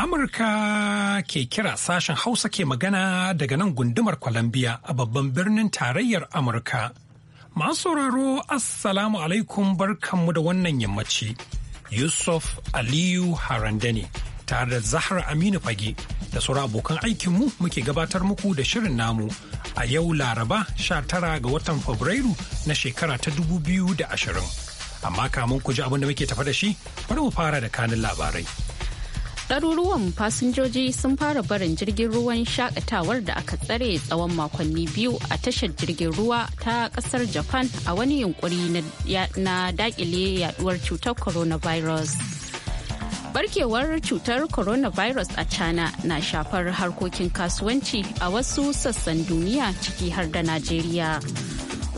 Amurka ke kira sashen Hausa ke magana daga nan gundumar Columbia a babban birnin tarayyar Amurka. Masu sauraro Assalamu alaikum barkanmu da wannan yammaci. Yusuf Aliyu ne. tare da Zahra Aminu Fage da sauran abokan aikinmu muke gabatar muku da shirin namu a yau Laraba 19 ga watan Fabrairu na shekara ta 2020. Amma kamun ku ji abin da muke tafa da shi, bari mu fara da kanin labarai. ɗaruruwan fasinjoji sun fara barin jirgin ruwan shakatawar da aka tsare tsawon makonni biyu a tashar jirgin ruwa ta ƙasar japan a wani yunkuri na daƙile yaduwar cutar coronavirus barkewar cutar coronavirus a china na shafar harkokin kasuwanci a wasu sassan duniya ciki har da najeriya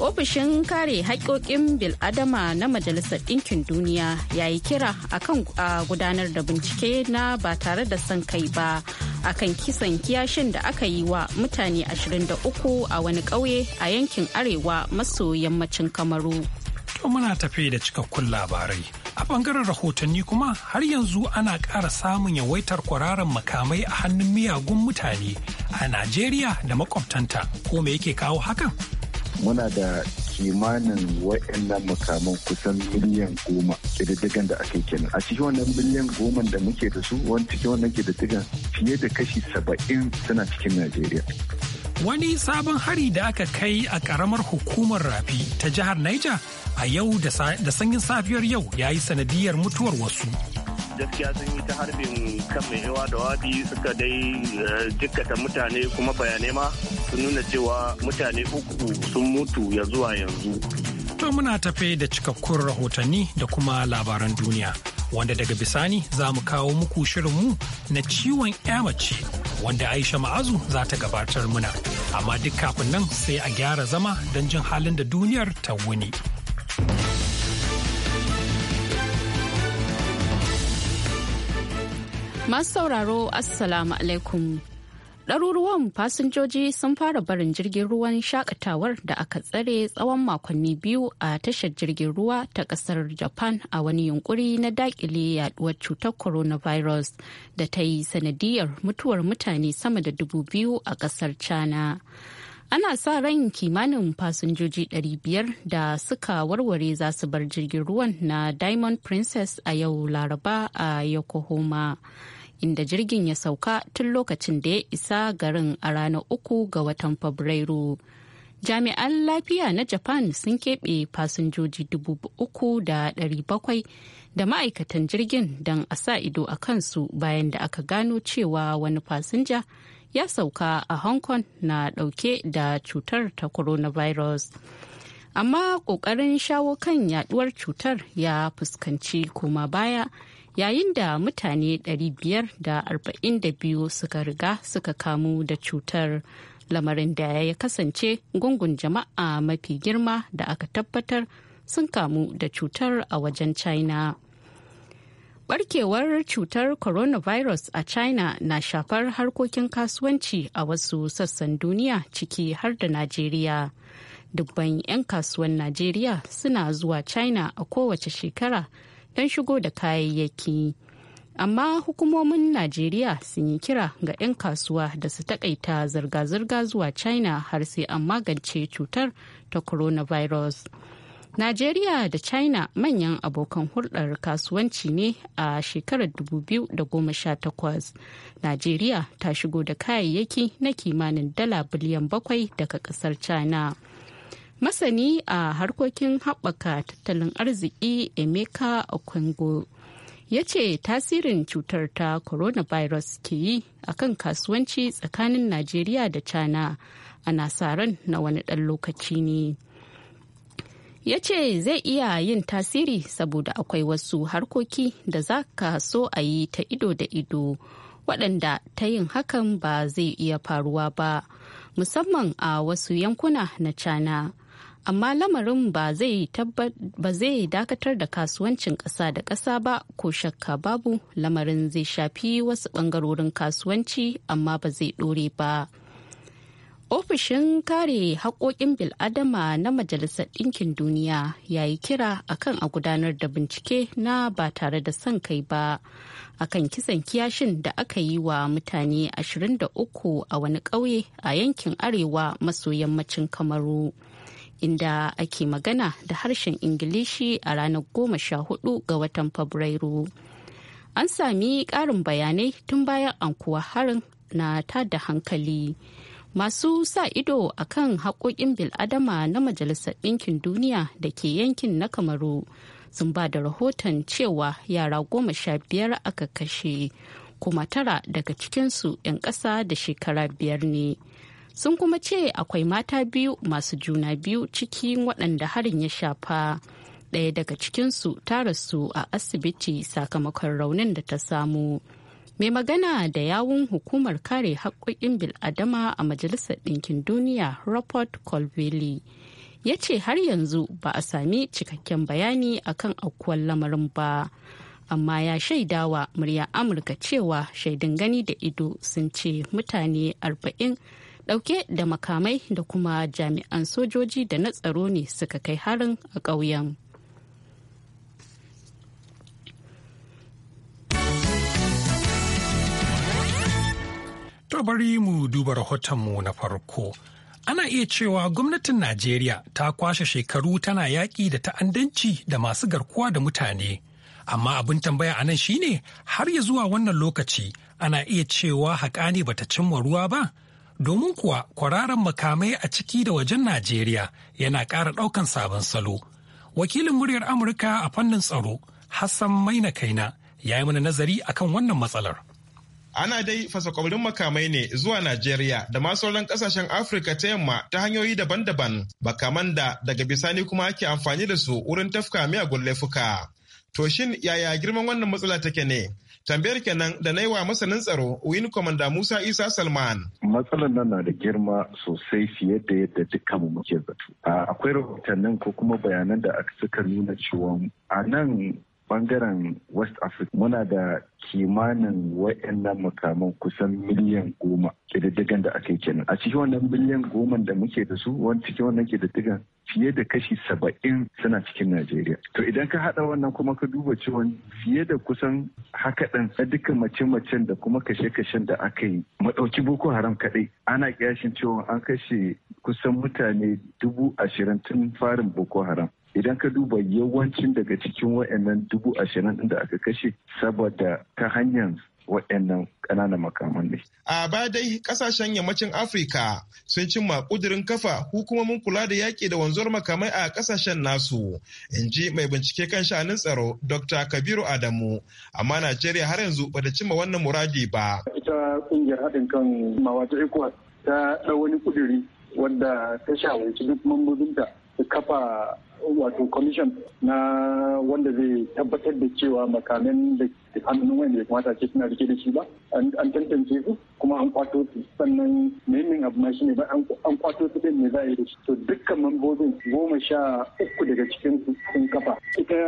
ofishin kare haƙƙoƙin biladama na majalisar ɗinkin duniya ya yi kira akan gudanar da bincike na ba tare da son kai ba akan kisan kiyashin da aka yi wa mutane 23 a wani ƙauye a yankin arewa maso yammacin kamaru to muna tafe da cikakkun labarai a bangaren rahotanni kuma har yanzu ana ƙara samun yawaitar kwararan makamai a hannun miyagun mutane a najeriya da makwabtanta ko me yake kawo hakan muna da kimanin waɗannan makaman kusan miliyan goma ƙididdigan da ake kenan a cikin wannan miliyan goma da muke da su wani cikin wannan ƙididdigan fiye da kashi saba'in suna cikin najeriya wani sabon hari da aka kai a ƙaramar hukumar rafi ta jihar niger a yau da sanyin safiyar yau ya yi sanadiyar mutuwar wasu gaskiya sun yi ta harbin kan mai yawa da wafi suka dai eh, jikkata mutane kuma bayanai ma su nuna cewa mutane uku sun mutu ya zuwa yanzu. To muna tafe da cikakkun rahotanni da kuma labaran duniya. Wanda daga bisani za mu kawo muku shirinmu na ciwon mace wanda Aisha Ma'azu za ta gabatar muna. Amma duk kafin nan sai a gyara zama don jin halin da duniyar ta wuni. Masu sauraro Assalamu alaikum. Ɗaruruwan fasinjoji sun fara barin jirgin ruwan shakatawar da aka tsare tsawon makonni biyu a tashar jirgin ruwa ta ƙasar Japan a wani yunkuri na daƙile yaduwar cutar coronavirus da ta yi sanadiyar mutuwar mutane sama da dubu biyu a ƙasar China. ana sa ran kimanin fasinjoji biyar da suka warware za su bar jirgin ruwan na diamond princess a yau laraba a yokohama inda jirgin ya sauka tun lokacin da ya isa garin a ranar uku ga watan fabrairu jami'an lafiya na japan sun keɓe fasinjoji uku da bakwai da ma'aikatan jirgin don a sa ido a kansu bayan da aka gano cewa wani fasinja ya sauka a hong kong na ɗauke da cutar ta coronavirus amma ƙoƙarin shawo kan yaduwar cutar ya fuskanci koma baya yayin da mutane 542 suka riga suka kamu da cutar lamarin da ya kasance gungun jama'a mafi girma da aka tabbatar sun kamu da cutar a wajen china barkewar cutar coronavirus a china na shafar harkokin kasuwanci a wasu sassan duniya ciki har da najeriya dubban 'yan kasuwan najeriya suna zuwa china a kowace shekara don shigo da kayayyaki amma hukumomin najeriya sun yi kira ga 'yan kasuwa da su takaita zirga-zirga zuwa china har sai an magance cutar ta coronavirus najeriya da china manyan abokan hulɗar kasuwanci ne a shekarar 2018 najeriya ta shigo da kayayyaki na kimanin dala biliyan bakwai daga ƙasar china masani a harkokin haɓaka tattalin arziki emeka okwengo ya ce tasirin cutar ta coronavirus ke yi akan kasuwanci tsakanin najeriya da china a nasaran na wani ɗan lokaci ne ya ce zai iya yin tasiri saboda akwai wasu harkoki da za ka so a yi ta ido da ido waɗanda ta yin hakan ba zai iya faruwa ba musamman a wasu yankuna na China. amma lamarin ba zai dakatar da kasuwancin ƙasa da ƙasa ba ko shakka babu lamarin zai shafi wasu ɓangarorin kasuwanci amma ba zai ɗore ba ofishin kare haƙoƙin bil'adama na majalisar ɗinkin duniya ya yi kira akan a gudanar da bincike na ba tare da son kai ba akan kisan kiyashin da aka yi wa mutane 23 a wani ƙauye a yankin arewa maso yammacin kamaru. inda ake magana da harshen ingilishi a ranar goma sha hudu ga watan fabrairu an sami ƙarin bayanai tun bayan ankuwa harin na ta da hankali masu sa ido a kan haƙoƙin bil'adama na majalisar ɗinkin duniya da ke yankin na kamaru sun ba da rahoton cewa yara goma sha biyar aka kashe kuma tara daga cikinsu 'yan ƙasa da shekara biyar ne. sun kuma ce akwai mata biyu masu juna biyu ciki waɗanda harin ya shafa ɗaya daga cikinsu ta rasu a asibiti sakamakon raunin da ta samu mai magana da yawun hukumar kare haƙƙoƙin bil'adama a majalisar ɗinkin duniya robert colville ya ce har yanzu ba a sami cikakken bayani akan aukuwar lamarin ba amma ya shaidawa murya amurka cewa shaidin gani da ido sun ce mutane arba'in dauke da makamai da kuma jami'an sojoji da na tsaro ne suka kai harin a ƙauyen. To bari mu duba rahotonmu na farko. Ana iya cewa gwamnatin Najeriya ta kwashe shekaru tana yaƙi da ta'addanci da masu garkuwa da mutane. Amma abin tambaya a nan shine har ya zuwa wannan lokaci ana iya cewa haƙa ne bata cimma ruwa ba domin kuwa kwararan makamai a ciki da wajen Najeriya yana ƙara ɗaukan sabon salo. Wakilin muryar Amurka a fannin tsaro, Hassan Maina Kaina, ya yi mana nazari akan wannan matsalar. Ana dai fasakwabrin makamai ne zuwa Najeriya da masu sauran kasashen Afirka ta yamma ta hanyoyi daban-daban, makaman da daga bisani kuma ake amfani da su wurin tafka miyagun laifuka. To shin yaya girman wannan matsala take ne? Tambayar kenan da na yi wa masanin tsaro Win Commander Musa Isa Salman. Matsalar nan na da girma sosai fiye da yadda mu muke zato. Akwai rahotannin ko kuma bayanan da suka nuna cewa a nan bangaren west africa muna da kimanin wa'annan makaman kusan miliyan goma ƙididdigan da aka yi kenan a cikin wannan miliyan goma da muke da su wani cikin wannan ƙididdigan fiye da kashi saba'in suna cikin najeriya to idan ka haɗa wannan kuma ka duba cewa fiye da kusan haka ɗin na dukkan mace-macen da kuma kashe-kashen da aka yi maɗauki boko haram kaɗai ana kyashin cewa an kashe kusan mutane dubu ashirin tun farin boko haram idan ka duba yawancin daga cikin wa'annan dubu ashirin da aka kashe saboda ta hanyar wa'annan ƙananan makaman ne. A ba dai ƙasashen yammacin Afirka sun cimma ƙudurin kafa hukumomin kula da yaƙi da wanzuwar makamai a ƙasashen nasu, in ji mai bincike kan shanun tsaro Dr. Kabiru Adamu, amma Najeriya har yanzu bada cimma wannan muradi ba. Ita ƙungiyar haɗin kan mawata ECOWAS ta ɗau wani kuduri wanda ta shawarci duk mambobinta su kafa wato commission na wanda zai tabbatar da cewa makamin da hannun wanda ya kamata ce suna rike da shi ba an tantance su kuma an kwato su sannan muhimmin abu ma shine ba an kwato su din ne za a yi da shi to dukkan mambobin goma sha uku daga cikin su sun kafa ita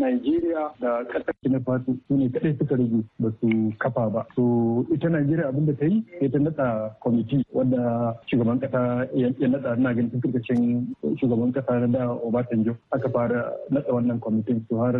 Najeriya da kasar na fatu su ne kadai suka rage ba su kafa ba to ita Najeriya abin da ta yi ta nada kwamiti wanda shugaban kasa ya nada ina ganin tun shugaban kasa da Obata Jonathan Jo aka fara nasa wannan kwamitin su har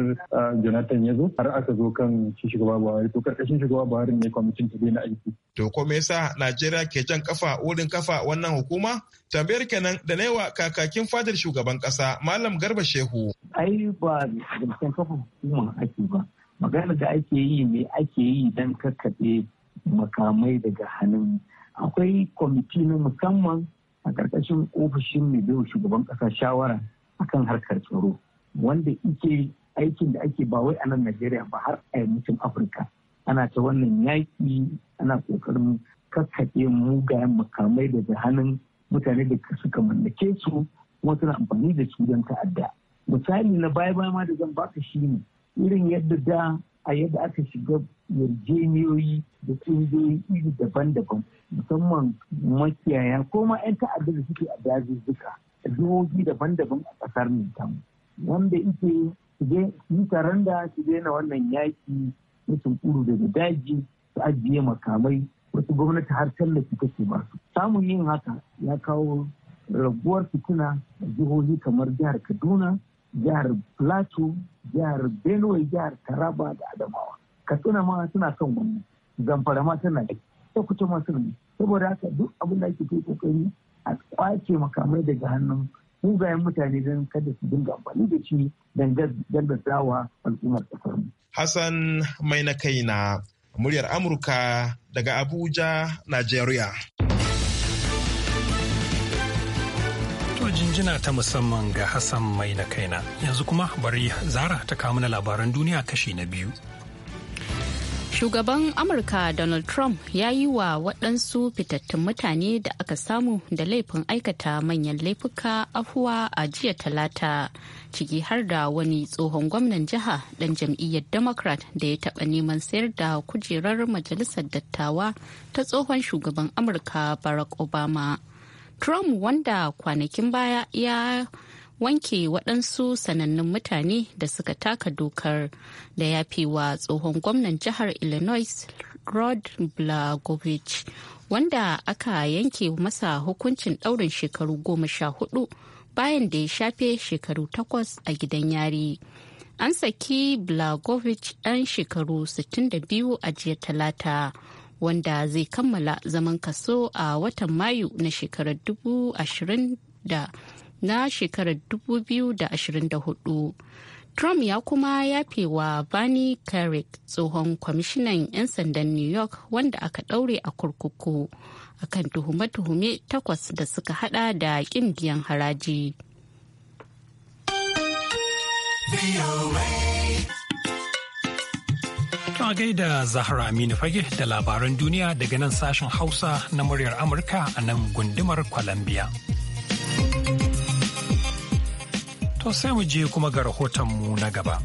Jonathan ya zo har aka zo kan shi shugaba Buhari to karkashin shugaba Buhari ne kwamitin ta na aiki. To ko me yasa Najeriya ke jan kafa wurin kafa wannan hukuma? Tambayar kenan da naiwa kakakin fadar shugaban kasa Malam Garba Shehu. Ai ba zancen kafa hukuma ake ba. Magana da ake yi me ake yi dan kakkaɓe makamai daga hannun akwai kwamiti na musamman a ƙarƙashin ofishin mai bai shugaban ƙasa shawara akan harkar tsaro wanda ike aikin da ake ba wai a nan Najeriya ba har a yammacin Afirka ana ta wannan yaƙi ana ƙoƙarin kakkaɓe mugayen makamai daga hannun mutane da suka mallake su kuma suna amfani da su don ta'adda misali na baya baya ma da zan baka shi ne irin yadda da a yadda aka shiga yarjejeniyoyi da ƙungiyoyi iri daban-daban musamman makiyaya ko ma 'yan ta'adda da suke a dazuzzuka jihohi daban-daban a ƙasar nan wanda ike yi taron da su daina wannan yaƙi na tunkuru daga daji su ajiye makamai wasu gwamnati har tallafi take ba su samun yin haka ya kawo raguwar fituna a jihohi kamar jihar kaduna jihar plateau jihar benue jihar taraba da adamawa katsina ma suna kan wani zamfara ma tana da ta kuce ma suna saboda haka duk abin da ake kai kokari a kwace makamai daga hannun mugayen mutane don kada su dinga amfani da shi don gallazawa al'ummar kasar mu. Hassan mai na kaina muryar Amurka daga Abuja, Najeriya. jinjina ta musamman ga Hassan mai na kaina yanzu kuma bari zara ta kawo mana labaran duniya kashi na biyu. Shugaban Amurka Donald Trump ya yi wa waɗansu fitattun mutane da aka samu da laifin aikata manyan laifuka afuwa a jiya talata ciki har da wani tsohon gwamnan jiha ɗan jam'iyyar Democrat da ya taɓa neman sayar da kujerar majalisar dattawa ta tsohon shugaban Amurka Barack Obama. Trump wanda kwanakin baya ya wanke waɗansu sanannun mutane da suka taka dokar da ya fi wa tsohon gwamnan jihar illinois rod blagovich wanda aka yanke masa hukuncin ɗaurin shekaru goma sha hudu bayan da ya shafe shekaru takwas a gidan yari an saki blagovich ɗan shekaru 62 a jiya talata wanda zai kammala zaman kaso a watan mayu na shekarar 2020 na shekarar 2024 trump ya kuma yafe wa bani carrick tsohon kwamishinan 'yan sandan new york wanda aka ɗaure a kurkuku akan tuhume-tuhume takwas da suka hada da ƙin biyan haraji. a gaida Zahra Aminu Fage da labaran duniya daga nan sashen Hausa na muryar Amurka a nan gundumar Columbia. To sai mu je kuma ga rahotonmu na gaba.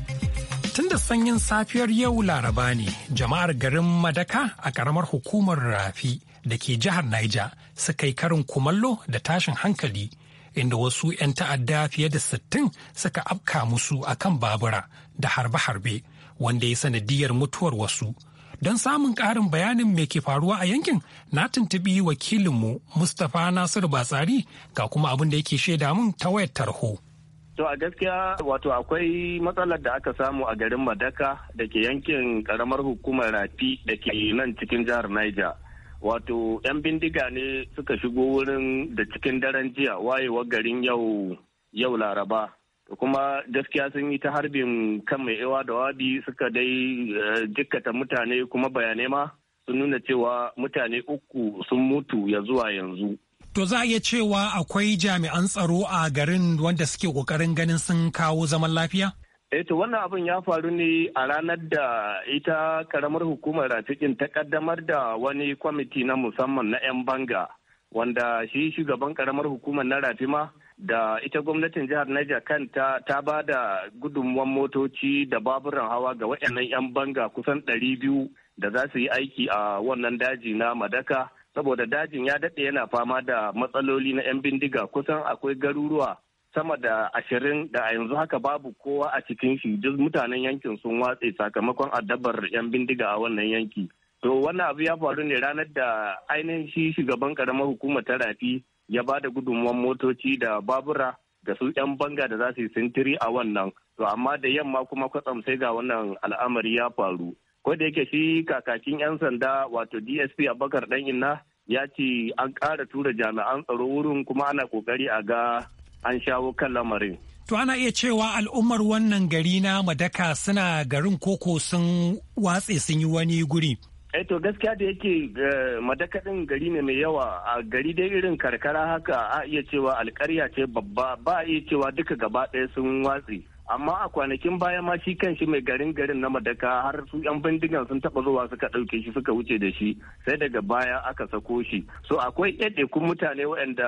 Tun da sanyin safiyar yau laraba ne, jama'ar garin Madaka a ƙaramar hukumar Rafi da ke jihar Naija suka yi karin kumallo da tashin hankali, inda wasu 'yan ta'adda fiye da sittin suka afka musu a kan babura da harbe-harbe, wanda ya sanadiyar mutuwar wasu. Don samun ƙarin bayanin me ke faruwa a yankin, na tuntubi wakilinmu Mustapha Nasiru Batsari ga kuma abin da yake shaida min ta wayar tarho. To a gaskiya wato akwai matsalar da aka samu a garin Madaka da ke yankin karamar hukumar Rafi da ke nan cikin jihar Niger. Wato 'yan bindiga ne suka shigo wurin da cikin daren jiya wayewa garin yau yau Laraba. kuma gaskiya sun yi ta harbin kan mai ewa da wabi suka dai eh, jikkata mutane kuma bayanai ma sun nuna cewa mutane uku sun mutu ya zuwa yanzu. To za a iya cewa akwai jami'an tsaro a garin wanda suke ƙoƙarin ganin sun kawo zaman lafiya? Eh to wannan abin ya faru ne a ranar da ita karamar hukumar rafikin ta kaddamar da wani kwamiti na musamman na 'yan banga wanda shi shugaban karamar hukumar na rafima da ita gwamnatin jihar Niger kanta ta ba da gudunmuwan motoci da baburan hawa ga waɗannan 'yan banga kusan 200 da za su yi aiki a wannan daji na Madaka saboda dajin ya daɗe yana fama da matsaloli na 'yan bindiga kusan akwai garuruwa sama da ashirin da a yanzu haka babu kowa a cikin shi duk mutanen yankin sun watse sakamakon addabar 'yan bindiga a wannan yanki to wannan abu ya faru ne ranar da ainihin shi shugaban karamar hukumar ta rafi ya ba da gudunmuwan motoci da babura da su 'yan banga da za su yi sintiri a wannan to amma da yamma kuma kwatsam sai ga wannan al'amari ya faru ko da yake shi kakakin 'yan sanda wato dsp abubakar dan inna ya ce an ƙara tura jami'an tsaro wurin kuma ana kokari a ga an shawo kan lamarin to ana iya cewa al'ummar wannan gari na madaka suna garin koko sun watse sun yi wani guri eh to gaskiya da yake eh, madaka din gari ne mai yawa a gari dai irin karkara haka a iya cewa alkarya ce babba ba a iya cewa duka gaba ɗaya sun watse amma a kwanakin baya ma shi kan shi mai garin garin na madaka har su yan bindigan sun taba zuwa suka dauke shi suka wuce da shi sai daga baya aka sako shi so akwai kun mutane waɗanda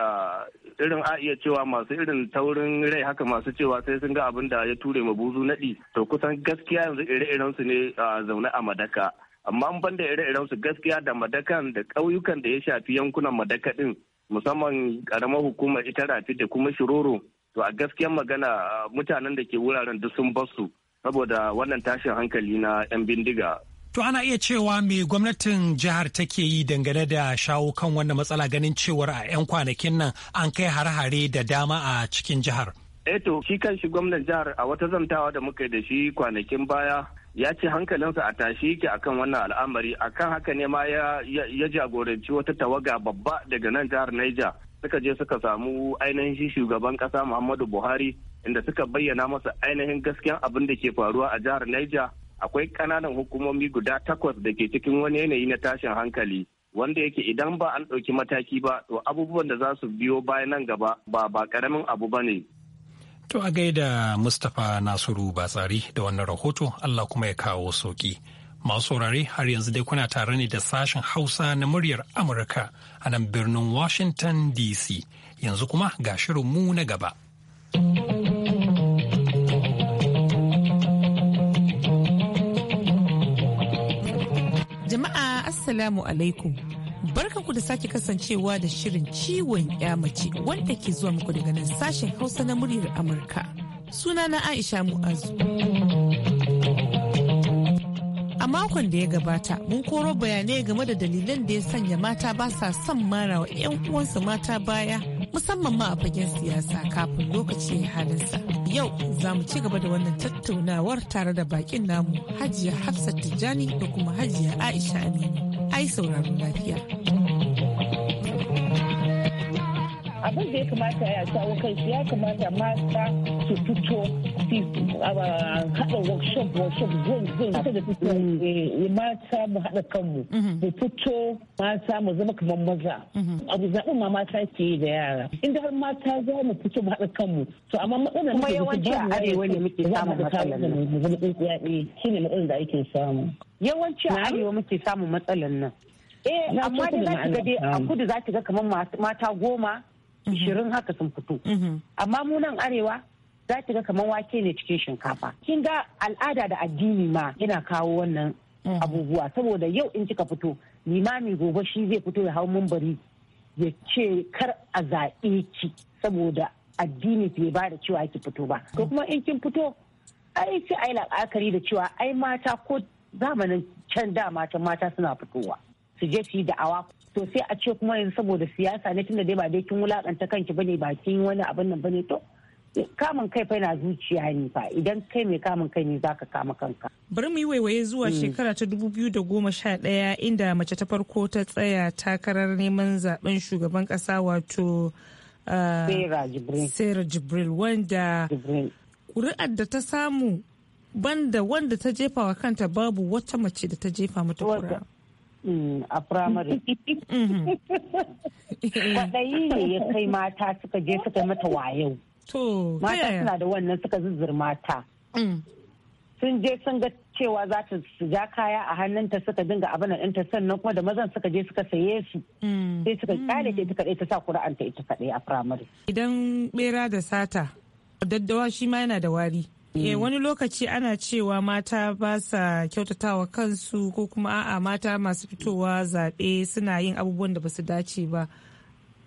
irin a iya cewa masu irin taurin rai haka masu cewa sai sun ga abin da ya ture ma buzu naɗi to kusan gaskiya yanzu ire-iren su ne a zaune a madaka amma an banda ire-iren su gaskiya da madakan da ƙauyukan da ya shafi yankunan madaka ɗin musamman ƙaramar hukumar ita rafi da kuma shiroro to a gaskiyar magana ah, mutanen da ke wuraren duk sun basu saboda wannan tashin hankali na 'yan bindiga To ana iya cewa mai gwamnatin jihar take yi dangane da shawo kan wannan matsala ganin cewar a 'yan kwanakin nan an kai har-hare da dama a cikin jihar. Eto eh shi kan shi gwamnan jihar a wata zantawa da muka yi da shi kwanakin baya ya ce hankalinsa a tashi yake akan wannan al'amari akan haka ne ma ya jagoranci wata tawaga babba daga nan jihar Niger suka je suka samu ainihin shugaban kasa muhammadu buhari inda suka bayyana masa ainihin gaskiyan abin da ke faruwa a jihar niger akwai kananan hukumomi guda takwas da ke cikin wani yanayi na tashin hankali wanda yake idan ba an ɗauki mataki ba to abubuwan da za su biyo bayan nan gaba ba ba ƙaramin abu ba ne To a gaida Mustapha Nasiru Batsari da wannan rahoto Allah kuma ya kawo sauki. Masu saurare har yanzu dai kuna tare ne da sashen Hausa na muryar Amurka a nan birnin Washington DC. Yanzu kuma ga mu na gaba. Jama'a Assalamu alaikum. Barkanku da sake kasancewa da shirin ciwon ya mace wanda ke zuwa muku daga nan sashen Hausa na muryar Amurka. Sunana Aisha Mu'azu. makon da ya gabata mun koro bayanai game da dalilan da ya sanya mata ba sa son mara wa 'yan uwansu mata baya musamman ma a fagen siyasa kafin lokaci ya halinsa. Yau za mu ci gaba da wannan tattaunawar tare da bakin namu Hajiya Hafsat Tijjani da kuma Hajiya Aisha Aminu. Ai sauraron lafiya. Abin da ya kamata ya shawo kai ya kamata mata su fito haɗa workshop workshop zone zone ta da fito mata mu haɗa kanmu mu fito mata mu zama kamar maza abu zaɓin ma mata ke yi da yara inda har mata za mu fito mu haɗa kanmu to amma matsalar kuma yawanci a arewa ne muke samun matsalar nan mu zama tsintsiya ɗaya shine matsalar da ake samu yawanci a arewa muke samun matsalar nan eh amma dai za ki ga dai a kudu za ki ga kamar mata goma ishirin haka sun fito amma mu nan arewa za ki ga kamar wake ne cikin shinkafa kin ga al'ada da addini ma yana kawo wannan mm. abubuwa saboda yau in kika fito limami gobe shi zai fito ya hau mumbari ya ce kar a zaɓe ki saboda addini bai ba da cewa ki fito ba to kuma in kin fito ai sai ai la'akari da cewa ai mata ko zamanin can da mata mata suna fitowa su je su yi da'awa to sai a ce kuma yanzu saboda siyasa ne tunda dai ba dai kin wulakanta kanki bane ba kin wani abin nan bane to kamun kai fa zuciya ne fa idan kai mai kamun kai ne zaka kama kanka bari mu yi waiwaye zuwa mm. shekara ta 2011 inda mace ta farko ta tsaya takarar neman zaben shugaban kasa wato uh, Sarah Jibril wanda kuri'ar da ta samu banda wanda ta jefa wa kanta babu wata mace da ta jefa mata kura. Mm, a firamare. Mhm. Kwaɗayi ne ya kai mata suka je suka mata wayau. mata suna da wannan suka zuzzur mata. Mm. sun je sun ga cewa za ta ja kaya a hannunta suka dinga abin ɗinta sannan kuma da mazan suka je suka saye su mm. sai suka kyale mm. ta ita kaɗai ta sa kura'anta ita kaɗai a firamare. idan bera da sata daddawa shi ma yana da wari Eh wani lokaci ana cewa mata ba sa kyautatawa kansu ko kuma a'a mata masu fitowa zaɓe suna yin abubuwan da ba su dace ba.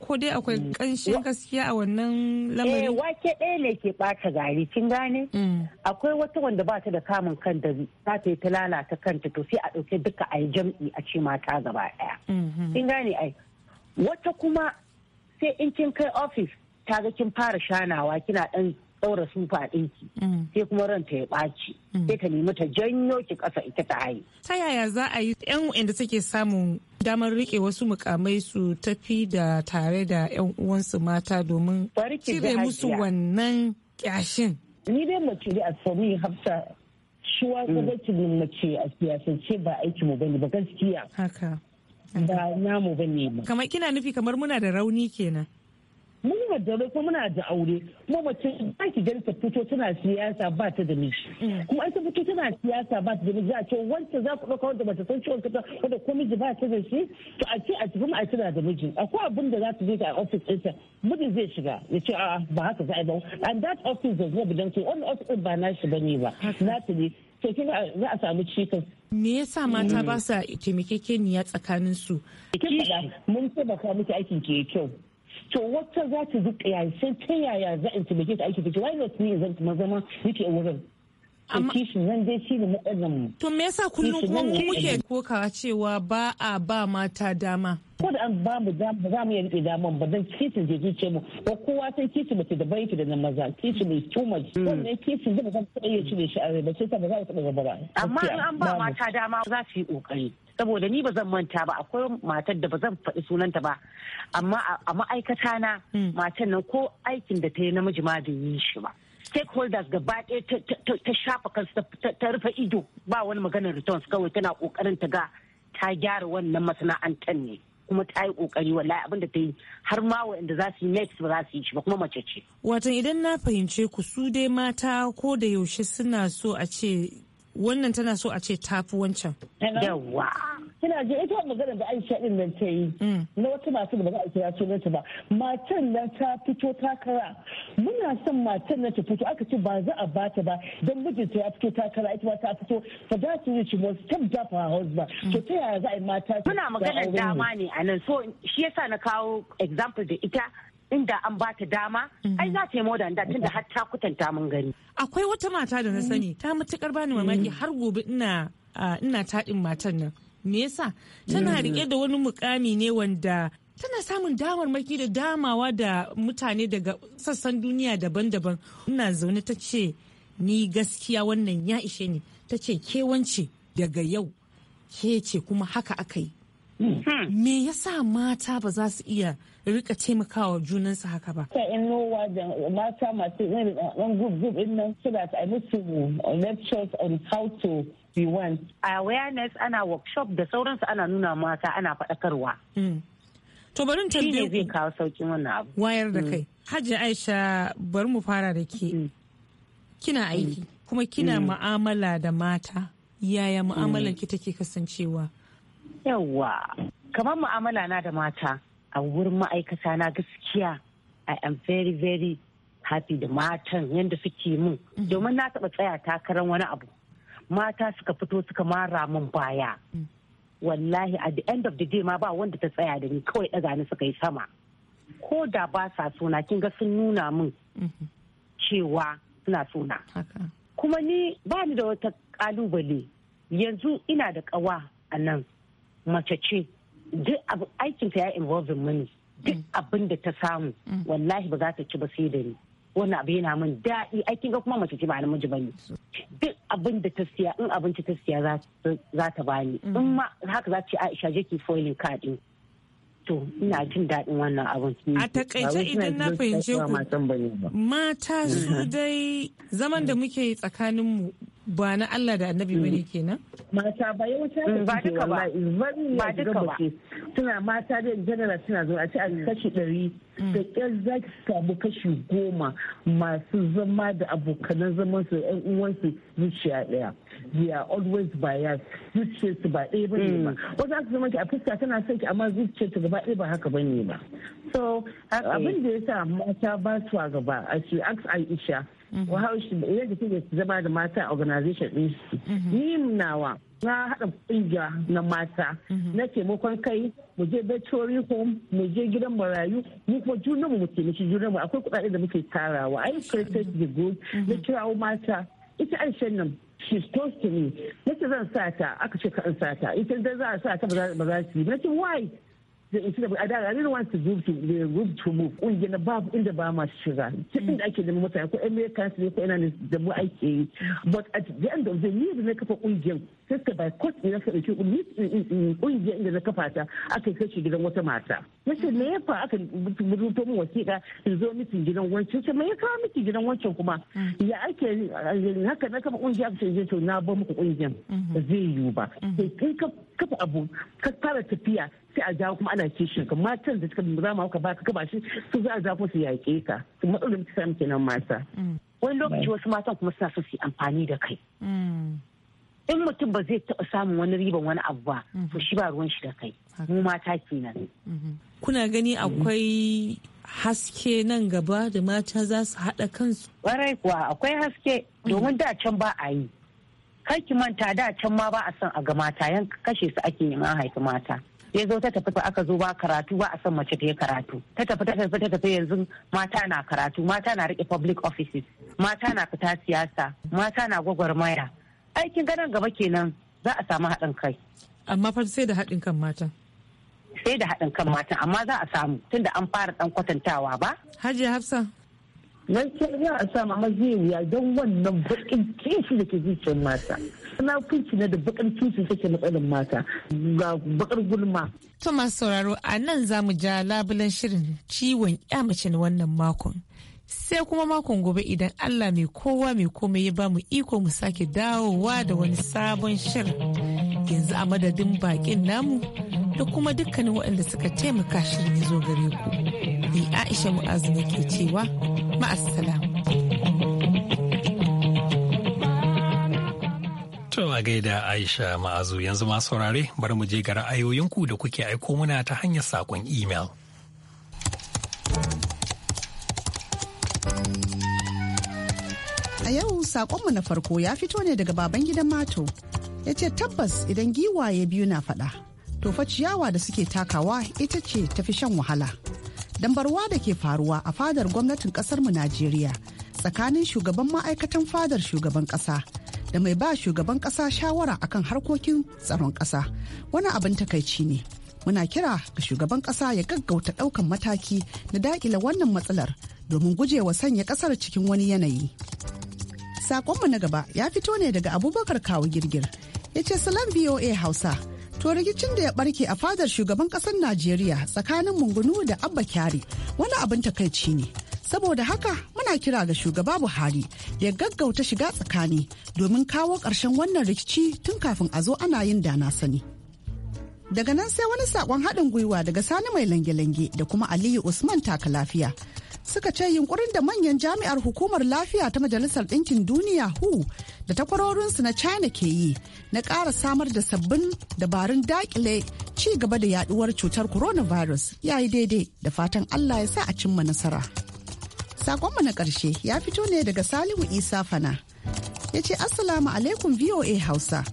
ko dai akwai mm. ƙanshin gaskiya a wannan eh, lamarin? Eh wake ɗaya ne ke ɓata gari kin gane? Mm. Akwai wata wanda ba ta da kamun kan da za ta yi ta lalata kanta to sai a ɗauke duka a yi jam'i a ce mata gaba ɗaya. Mm-hmm. Kin gane ai wata kuma sai in kin kai ofis ta ga kin fara shanawa kina ɗan ɗaura sufa ɗinki mm. sai kuma ranta ya ɓaci sai ta nemi ta janyo ki ƙasa ita ta haihu. Ta yaya za a yi 'yan waɗanda suke samun damar rike wasu mukamai su tafi da tare da 'yan uwansu mata domin cire musu wannan kyashin. Ni dai mace da asami hafsa shuwa gabacin mm. mace a siyasance ba aiki mu bane ba gaskiya. Haka. Ba namu bane ba. Kamar kina nufi kamar muna da rauni kenan. mun yarda da kuma muna da aure kuma mace ba ki gani ta fito tana siyasa ba ta da miji mm. kuma ai ta fito tana siyasa ba ta da miji za a ce wanda za ku dauka wanda mace san ciwon kanta wanda ko miji ba ta da shi to a ce a tafi mu a tana da miji akwai abin da za ta je ta a office ta miji zai shiga ya ce a'a ba haka za a yi ba and that office does not belong to wannan office ba nashi ne ba na ta ne to kina za a samu cikas me yasa mata mm. ba sa taimakekeniya tsakanin su mun taimaka miki aikin ke kyau to wata za ta ya yi sai ta yaya za in taimake ta aiki take why not me zan kuma zama nake a wurin zan mu to me yasa kullum kuma mu muke kokawa cewa ba a ba mata dama ko da an ba mu dama za mu yi rike dama ba zan kishin je zuciya mu ko kowa sai kishin mace da bai da na maza kishin mai too much wannan hmm. kishin zai ba zan ta iya cire shi a rai ba sai ta ba za ta taba gaba ba amma in an ba mata dama za su yi kokari saboda ni ba zan manta ba akwai matar da ba zan faɗi sunanta ba amma a ma'aikata na hmm. matar nan ko aikin da ta yi namiji ma bai yi shi ba stakeholders gaba ɗaya ta shafa kansu ta rufe ido ba wani maganar returns kawai tana ƙoƙarin ta ga ta gyara wannan masana'antar ne kuma ta yi ƙoƙari wallahi abin da ta yi har ma waɗanda za su yi next ba za su yi shi ba kuma mace ce. Watan idan na fahimce ku su dai mata ko da yaushe suna so a ce wannan tana so a ce tafi wancan. Yawa. Kina je ita wa maganar da Aisha ɗin nan ta yi mm. na wata masu da ba za a kira sunanta ba. Matan nan ta fito takara. Muna son matan nan ta fito aka ce ba za a bata ba don mijinta ya fito takara ita ma ta fito da that reason was step da for husband. To ta yaya za a yi mata. Muna maganar dama ne a nan so shi yasa na kawo example da ita inda an ba ta dama mhm. ai za ta yi modan da tunda har ta kutanta mun gani akwai wata mata da na mhm. sani ta matukar bani mamaki mhm. har gobe ina ina taɗin matan nan me yasa tana rike da wani mukami ne wanda tana samun damarmaki da damawa da mutane daga sassan duniya daban-daban ina zaune ta ce ni gaskiya wannan ya ishe ni ta ce kewance daga yau ke ce kuma haka aka yi Hmm. Hmm. Me yasa mata ba za su iya rika taimakawa junansu haka ba? Ta in nowa da mata masu irin ɗan group in nan so that I musu lectures on how to be one. Awareness ana workshop da sauransu ana nuna mata ana faɗakarwa. Hmm. To bari tambaye ku. zai kawo saukin wannan abu. Wayar da kai. Hajji Aisha bari mu fara da ke. Kina aiki kuma kina mu'amala da mata. Yaya mu'amalar ki take kasancewa? Yawwa, kamar mu'amala na da mata a wurin ma'aikata na gaskiya I am very very happy da matan yadda suke mun mhm. domin na taɓa tsaya takarar wani abu. Mata suka fito suka mara mun baya. Mm. Wallahi at the end of the day ma ba wanda ta tsaya da ni kawai ɗaga ni suka yi sama. Ko da ba sa suna kin ga sun nuna min mhm. cewa suna suna. Kuma ni ba ni da wata ƙalubale yanzu ina da ƙawa a nan mace ce duk aikinta ya involve mini duk mm. abin da ta samu mm. wallahi ba za ta ci ba sai da ni wannan abu yana min daɗi aikin ga kuma mace ce ba na ba ne duk abin da ta siya in abinci ta siya za ta bani mm. in ma haka za ta Aisha je ki foiling card din to ina jin daɗin wannan abin a takaice idan na fahimce ku mata su dai zaman da muke tsakanin mu ba na Allah da annabi mm. ba ne kenan? Mata ba yawanci ba duka ba ba duka ba suna mata da general suna zuwa a ce a mm. kashi ɗari mm. da ƙyar za ki samu kashi goma masu zama da abokanan zaman su ƴan uwansu zuciya ɗaya. They are always biased su ba ɗaya ba ne ba. Wasu aka zama ki a fuska tana son ki amma su gaba ɗaya ba haka ba ne ba. So abin da ya sa mata ba su gaba a ce ask Aisha. yadda suke zama da mata a organization din su mhm. ni nawa na haɗa ƙungiya na mata mhm. na taimakon kai mu je veterinary home mu je gidan marayu mu kuma junanmu mu taimaki junanmu akwai kuɗaɗe da muke tarawa ai created the mhm. na kirawo mata ita aishan nan she close to me nace zan sa ta aka ce ka an sa ta ita da za a sa ta ba za su yi nace why instead of I, I didn't want to group to the group to move kungiyar babu inda ba ma shiga duk inda ake neman mutane ko Americans ne ko ina da mu aiki. but at the end of the year na kafa kungiyar sai suka by court ne suka dauki kungiyar inda na kafa ta aka kai shi gidan wata mata nace me ya fa aka rubuto mu wasiƙa in zo miki gidan wancan sai me ya kawo miki gidan wancan kuma ya ake haka na kafa kungiya aka ce to na ba muku kungiyar zai yiwu ba sai mm-hmm. in ka kafa abu ka fara tafiya sai a jawo kuma ana kishin ka matan da suka za mu ba ka kaba shi su za a jawo su yaƙe ka su matsalin ta samu kenan mata mm. wani lokaci wasu matan kuma suna so su yi amfani da kai mm. in mutum ba zai taɓa samun wani riban wani abu ba mm-hmm. to shi ba ruwan shi da kai mu mata kenan mm-hmm. kuna gani akwai haske nan gaba da mata za su haɗa kansu Ƙwarai kuwa akwai haske domin da can ba a yi kai ki manta da can ma ba a son a ga mata yan kashe su ake yin an haifi mata ya zo ta tafi aka zo ba karatu ba a son mace ta yi karatu ta tafi ta tafi ta tafi yanzu mata na karatu mata na rike public offices mata na fita siyasa mata na gwagwarmaya aikin ganin gaba kenan za a samu haɗin kai amma fa sai da haɗin kan mata sai da haɗin kan mata amma za a samu tunda an fara ɗan kwatantawa ba hajiya hafsa nan ce za a sa amma zai wuya don wannan bakin kishi da ke zuciyar mata na kunci na da bakin kishi take tsarin mata ga bakar gulma to masu sauraro a nan za mu ja labulen shirin ciwon yamace na wannan makon sai kuma makon gobe idan Allah mai kowa mai komai ya ba mu iko mu sake dawowa da wani sabon shirin yanzu a madadin bakin namu da kuma dukkanin waɗanda suka taimaka shirin zo gare ku ni aisha mu'azu ke cewa ma'assalam. To a gaida Aisha ma'azu yanzu ma saurare bari mu je ga ra'ayoyinku da kuke aiko muna ta hanyar saƙon email. A yau saƙonmu na farko ya fito ne daga baban gidan mato. Ya ce tabbas idan giwaye biyu na faɗa, to fa ciyawa da suke takawa ita ce tafi shan wahala. dambarwa da ke faruwa a fadar gwamnatin mu Najeriya tsakanin shugaban ma'aikatan fadar shugaban kasa da mai ba shugaban kasa shawara akan harkokin tsaron kasa wani abin takaici ne. Muna kira ga shugaban kasa ya gaggauta daukan mataki na dakila wannan matsalar domin gujewa sanya kasar cikin wani yanayi. Sakonmu na gaba ya fito ne daga Abubakar Kawu Girgir ya ce salam VOA Hausa. To rikicin da ya barke a fadar shugaban kasar Najeriya tsakanin Mungunu da Abba Kyari wani abin takaici ne. Saboda haka muna kira ga shugaba Buhari ya gaggauta shiga tsakani domin kawo ƙarshen wannan rikici tun kafin a zo ana yin da na sani. Daga nan sai wani saƙon haɗin gwiwa daga Sani mai lange-lange da kuma Aliyu Usman taka lafiya suka ce yunkurin da manyan jami'ar hukumar lafiya ta majalisar ɗinkin duniya hu da takwarorinsu na china ke yi na ƙara samar da sabbin dabarun daƙile, ci gaba da yaduwar cutar coronavirus ya yi daidai da fatan allah ya sa a cimma nasara sakonmu na ƙarshe ya fito ne daga salihu isa fana ya ce assalamu alaikum voa hausa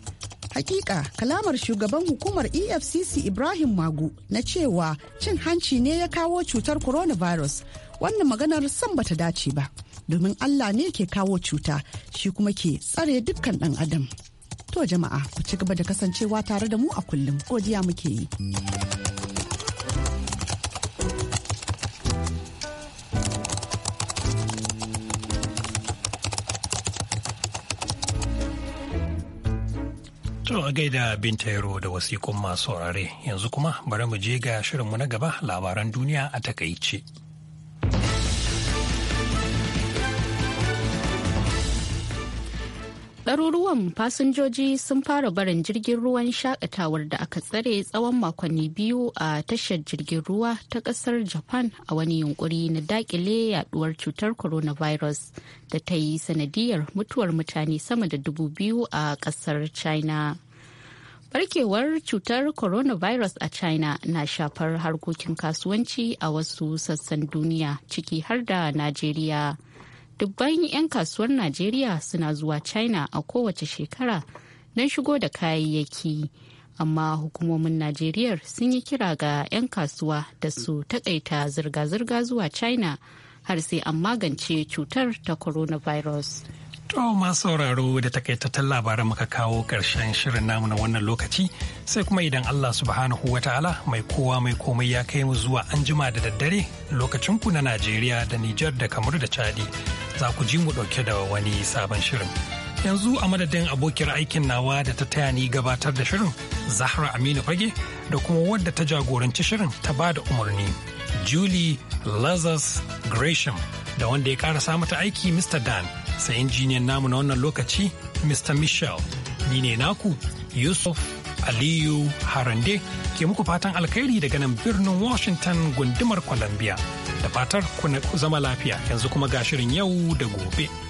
Hakika kalamar shugaban hukumar EFCC Ibrahim Magu na cewa cin hanci ne ya kawo cutar coronavirus wannan maganar san bata dace ba domin Allah ne ke kawo cuta shi kuma ke tsare dukkan ɗan adam. To jama'a ku ci gaba da kasancewa tare da mu a kullum godiya muke yi. a gaida Binta tairo da wasikun masu saurare yanzu kuma bari mu je ga shirinmu na gaba labaran duniya a takaice. ɗaruruwan fasinjoji sun fara barin jirgin ruwan shakatawar da aka tsare tsawon makonni biyu a tashar jirgin ruwa ta ƙasar japan a wani yunkuri na daƙile yaduwar cutar coronavirus da ta yi sanadiyar mutuwar mutane sama da dubu biyu a ƙasar china Barkewar cutar coronavirus a China na shafar harkokin kasuwanci a wasu sassan duniya ciki har da Najeriya. Dubban 'yan kasuwar Najeriya suna zuwa China a kowace shekara don shigo da kayayyaki. Amma hukumomin Najeriya sun yi kira ga 'yan kasuwa da su takaita zirga-zirga zuwa China har sai an magance cutar ta coronavirus. To masu sauraro da takaitattun labaran muka kawo ƙarshen shirin namu na wannan lokaci sai kuma idan Allah subhanahu wa ta'ala mai kowa mai komai ya kai mu zuwa anjima da daddare lokacinku na Najeriya da Nijar da Kamar da Chadi za ku ji mu ɗauke da wani sabon shirin. Yanzu a madadin abokiyar aikin nawa da ta taya ni gabatar da shirin Zahra Aminu Fage da kuma wadda ta jagoranci shirin ta ba da umarni Julie Lazarus Gresham da wanda ya ƙara mata aiki Mr. Dan. sai injiniyan namu na wannan lokaci Mr. Michel. Ni ne naku Yusuf Aliyu Harande ke muku fatan alkhairi daga nan birnin Washington gundumar Columbia. Da fatar ku zama lafiya yanzu kuma ga shirin yau da gobe.